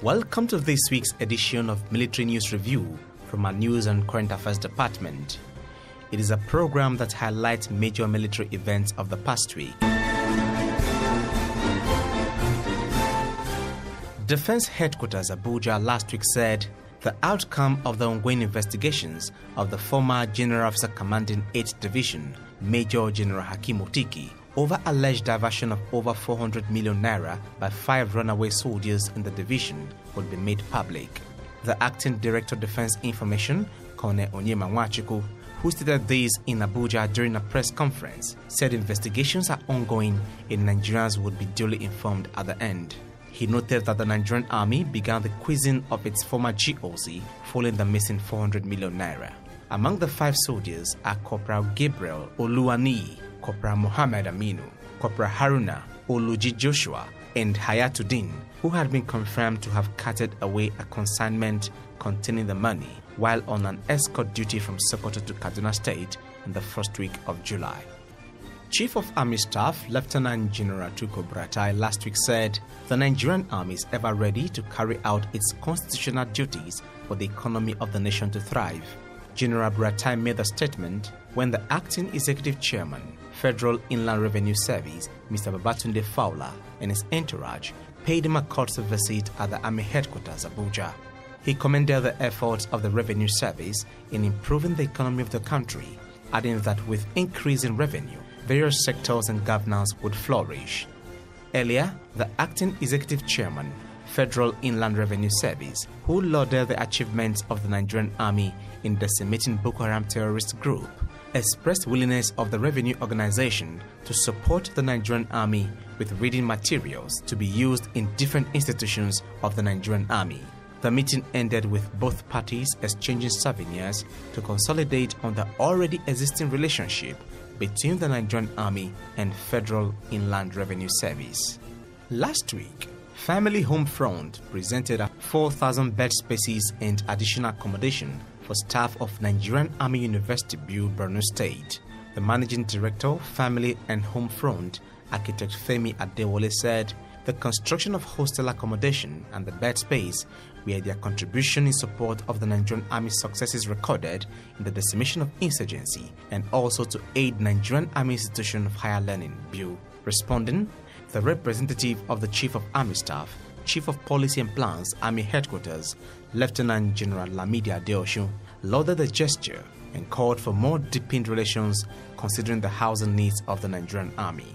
Welcome to this week's edition of Military News Review from our News and Current Affairs Department. It is a program that highlights major military events of the past week. Defense Headquarters Abuja last week said the outcome of the ongoing investigations of the former General Officer Commanding 8th Division, Major General Hakim Otiki, over alleged diversion of over 400 million naira by five runaway soldiers in the division would be made public. The acting director of Defense Information, Colonel Onyema Wachiku, who stated this in Abuja during a press conference, said investigations are ongoing and Nigerians would be duly informed at the end. He noted that the Nigerian army began the quizzing of its former GOC following the missing 400 million naira. Among the five soldiers are Corporal Gabriel Oluwani, Corporal Mohammed Aminu, Corporal Haruna, Oluji Joshua, and Hayatuddin, who had been confirmed to have carted away a consignment containing the money while on an escort duty from Sokoto to Kaduna State in the first week of July. Chief of Army Staff Lieutenant General Tuko Bratai last week said the Nigerian Army is ever ready to carry out its constitutional duties for the economy of the nation to thrive. General Bratai made the statement when the acting executive chairman, Federal Inland Revenue Service, Mr. Babatunde Fowler, and his entourage paid him a courtesy visit at the Army headquarters, Abuja. He commended the efforts of the Revenue Service in improving the economy of the country, adding that with increasing revenue, various sectors and governance would flourish. Earlier, the acting executive chairman, Federal Inland Revenue Service, who lauded the achievements of the Nigerian Army in decimating Boko Haram terrorist group, expressed willingness of the revenue organization to support the Nigerian Army with reading materials to be used in different institutions of the Nigerian Army. The meeting ended with both parties exchanging souvenirs to consolidate on the already existing relationship between the Nigerian Army and Federal Inland Revenue Service. Last week, Family Home Front presented 4,000 bed spaces and additional accommodation for staff of Nigerian Army University Bill Borno State. The managing director, Family and Home Front, architect Femi Adewale said the construction of hostel accommodation and the bed space where their contribution in support of the Nigerian Army successes recorded in the decimation of insurgency and also to aid Nigerian Army Institution of Higher Learning, Bu, Responding, the representative of the Chief of Army Staff, Chief of Policy and Plans, Army Headquarters, Lieutenant General Lamidi Adeoshu, lauded the gesture and called for more deepened relations considering the housing needs of the Nigerian Army.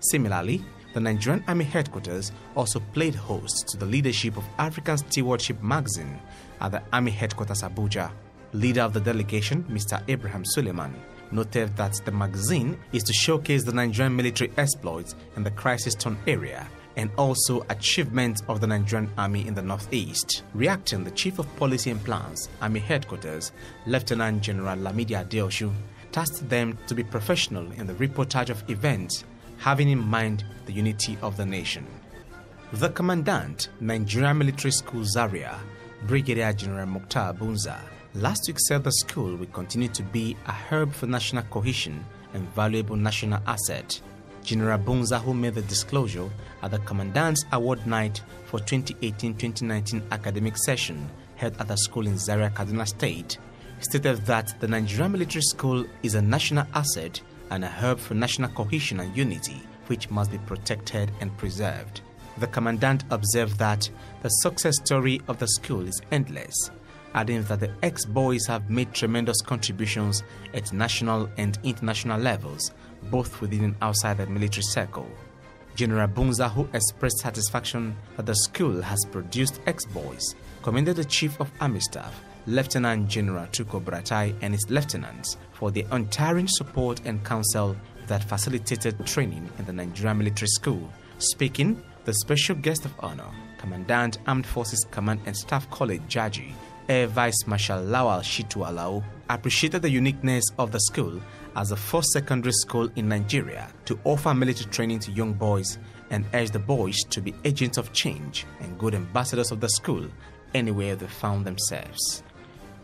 Similarly, the Nigerian Army Headquarters also played host to the leadership of African Stewardship magazine at the Army Headquarters Abuja. Leader of the delegation, Mr. Abraham Suleiman, noted that the magazine is to showcase the Nigerian military exploits in the crisis-torn area and also achievements of the Nigerian Army in the Northeast. Reacting, the Chief of Policy and Plans, Army Headquarters, Lieutenant General Lamidi Adeoshu, tasked them to be professional in the reportage of events, having in mind the unity of the nation. The Commandant, Nigerian Military School Zaria, Brigadier General Mukhtar Bunza, last week said the school will continue to be a herb for national cohesion and valuable national asset General Bunza, who made the disclosure at the Commandant's Award Night for 2018 2019 academic session held at a school in Zaria, Kaduna State, stated that the Nigerian military school is a national asset and a hub for national cohesion and unity, which must be protected and preserved. The Commandant observed that the success story of the school is endless adding that the ex-boys have made tremendous contributions at national and international levels, both within and outside the military circle. General Bunza, who expressed satisfaction that the school has produced ex-boys, commended the Chief of Army Staff, Lieutenant General Tuko Bratai and his lieutenants for their untiring support and counsel that facilitated training in the Nigerian Military School. Speaking, the special guest of honor, Commandant Armed Forces Command and Staff College Jaji, Air eh, Vice Marshal Lawal Shitu Alao appreciated the uniqueness of the school as the first secondary school in Nigeria to offer military training to young boys and urged the boys to be agents of change and good ambassadors of the school anywhere they found themselves.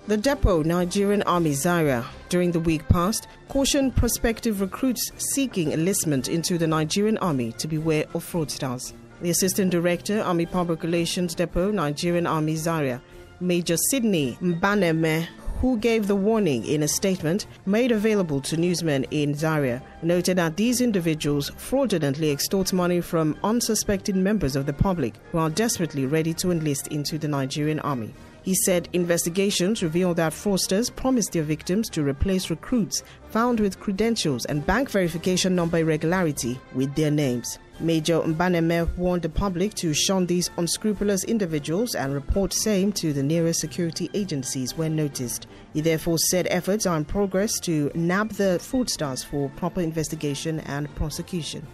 The depot Nigerian Army Zaria during the week past cautioned prospective recruits seeking enlistment into the Nigerian Army to beware of fraudsters. The Assistant Director, Army Public Relations Depot, Nigerian Army Zaria, Major Sidney Mbaneme, who gave the warning in a statement made available to newsmen in Zaria, noted that these individuals fraudulently extort money from unsuspecting members of the public who are desperately ready to enlist into the Nigerian army. He said investigations reveal that fraudsters promised their victims to replace recruits found with credentials and bank verification number irregularity with their names. Major Mbaneme warned the public to shun these unscrupulous individuals and report same to the nearest security agencies when noticed. He therefore said efforts are in progress to nab the fraudsters for proper investigation and prosecution.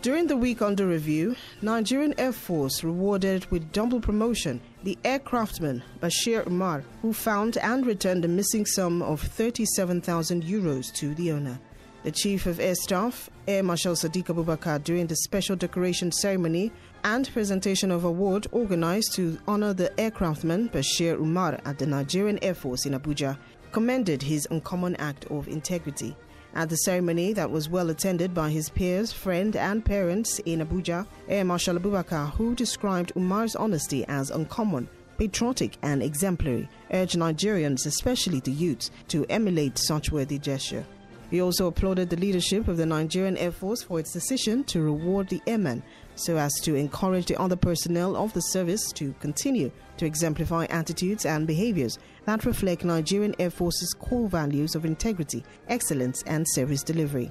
During the week under review, Nigerian Air Force rewarded with double promotion the aircraftman Bashir Umar, who found and returned a missing sum of 37,000 euros to the owner. The Chief of Air Staff, Air Marshal Sadiq Abubakar, during the special decoration ceremony and presentation of award organized to honor the aircraftman Bashir Umar at the Nigerian Air Force in Abuja, commended his uncommon act of integrity. At the ceremony that was well attended by his peers, friends, and parents in Abuja, Air Marshal Abubakar, who described Umar's honesty as uncommon, patriotic, and exemplary, urged Nigerians, especially the youths, to emulate such worthy gesture. He also applauded the leadership of the Nigerian Air Force for its decision to reward the airmen so as to encourage the other personnel of the service to continue to exemplify attitudes and behaviors that reflect Nigerian Air Force's core values of integrity, excellence, and service delivery.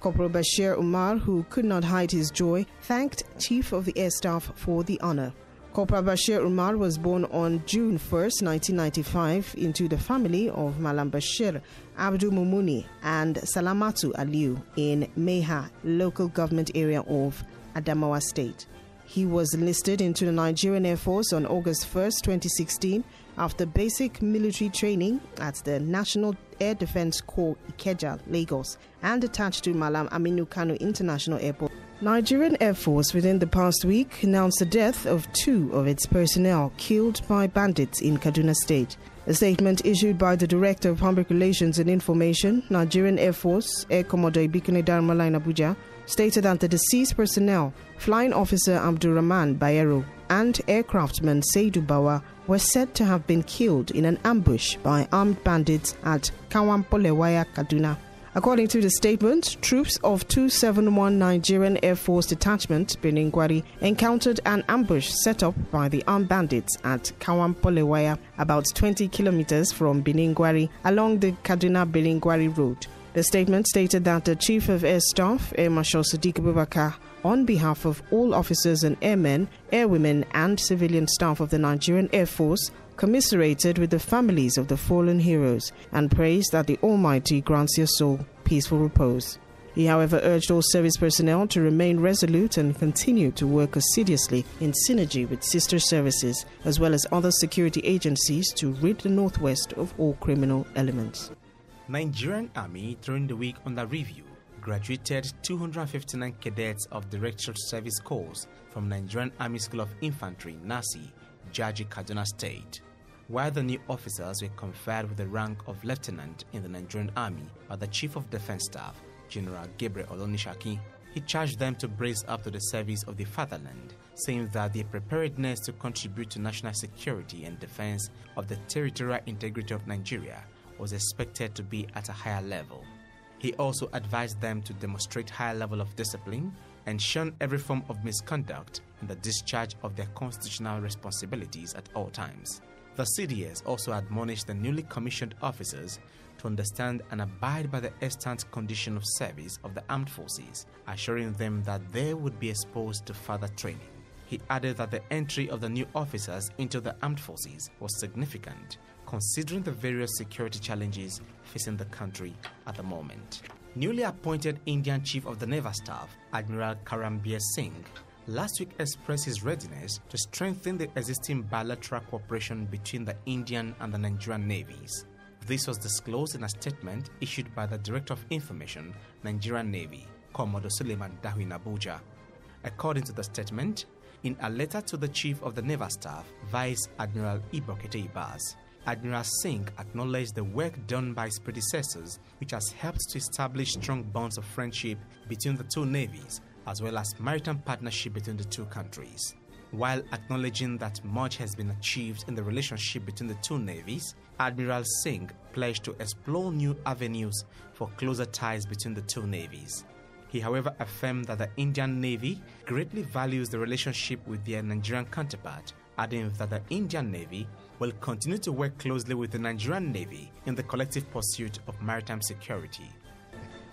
Corporal Bashir Umar, who could not hide his joy, thanked Chief of the Air Staff for the honor. Kopra Bashir Umar was born on June 1, 1995, into the family of Malam Bashir Abdul Mumuni and Salamatu Aliu in Meha, local government area of Adamawa State. He was enlisted into the Nigerian Air Force on August 1, 2016, after basic military training at the National Air Defense Corps Ikeja, Lagos, and attached to Malam Aminu Kano International Airport. Nigerian Air Force within the past week announced the death of two of its personnel killed by bandits in Kaduna State. A statement issued by the Director of Public Relations and Information, Nigerian Air Force, Air Commodore Ibikune Darmala in Abuja, stated that the deceased personnel, Flying Officer Abdurrahman Bayero and aircraftman Seidu Bawa, were said to have been killed in an ambush by armed bandits at Kawampolewaya, Kaduna. According to the statement, troops of 271 Nigerian Air Force Detachment Beningwari encountered an ambush set up by the armed bandits at Kawampolewaya, about 20 kilometers from Beningwari, along the Kaduna Beningwari Road. The statement stated that the Chief of Air Staff, Air Marshal Sadiq Bubakar, on behalf of all officers and airmen, airwomen, and civilian staff of the Nigerian Air Force, commiserated with the families of the fallen heroes, and praised that the Almighty grants their soul peaceful repose. He, however, urged all service personnel to remain resolute and continue to work assiduously in synergy with sister services, as well as other security agencies, to rid the Northwest of all criminal elements. Nigerian Army during the week under review graduated 259 cadets of the Rectal Service Corps from Nigerian Army School of Infantry, NASI, Jaji Kaduna State, while the new officers were conferred with the rank of lieutenant in the Nigerian Army by the Chief of Defense Staff, General Gabriel Olonishaki. He charged them to brace up to the service of the fatherland, saying that their preparedness to contribute to national security and defense of the territorial integrity of Nigeria was expected to be at a higher level. He also advised them to demonstrate high level of discipline and shun every form of misconduct in the discharge of their constitutional responsibilities at all times. The CDS also admonished the newly commissioned officers to understand and abide by the extant condition of service of the armed forces, assuring them that they would be exposed to further training. He added that the entry of the new officers into the armed forces was significant considering the various security challenges facing the country at the moment. Newly appointed Indian Chief of the Naval Staff, Admiral Karambir Singh, last week expressed his readiness to strengthen the existing bilateral cooperation between the Indian and the Nigerian navies. This was disclosed in a statement issued by the Director of Information, Nigerian Navy, Commodore Suleiman Dahu in Abuja. According to the statement, in a letter to the Chief of the Naval Staff, Vice Admiral Ibokete Ibas, Admiral Singh acknowledged the work done by his predecessors, which has helped to establish strong bonds of friendship between the two navies, as well as maritime partnership between the two countries. While acknowledging that much has been achieved in the relationship between the two navies, Admiral Singh pledged to explore new avenues for closer ties between the two navies. He, however, affirmed that the Indian Navy greatly values the relationship with their Nigerian counterpart, adding that the Indian Navy will continue to work closely with the Nigerian Navy in the collective pursuit of maritime security.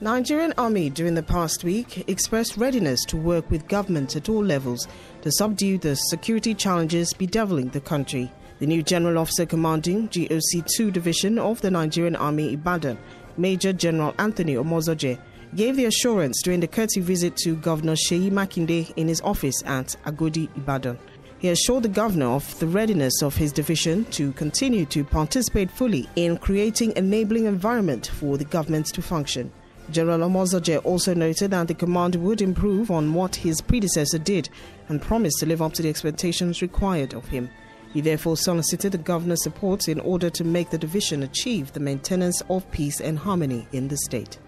Nigerian Army during the past week expressed readiness to work with governments at all levels to subdue the security challenges bedeviling the country. The new General Officer Commanding GOC 2 Division of the Nigerian Army Ibadan, Major General Anthony Omozoje, gave the assurance during the courtesy visit to Governor Sheyi Makinde in his office at Agodi, Ibadan. He assured the governor of the readiness of his division to continue to participate fully in creating enabling environment for the government to function. General Omozaje also noted that the command would improve on what his predecessor did and promised to live up to the expectations required of him. He therefore solicited the governor's support in order to make the division achieve the maintenance of peace and harmony in the state.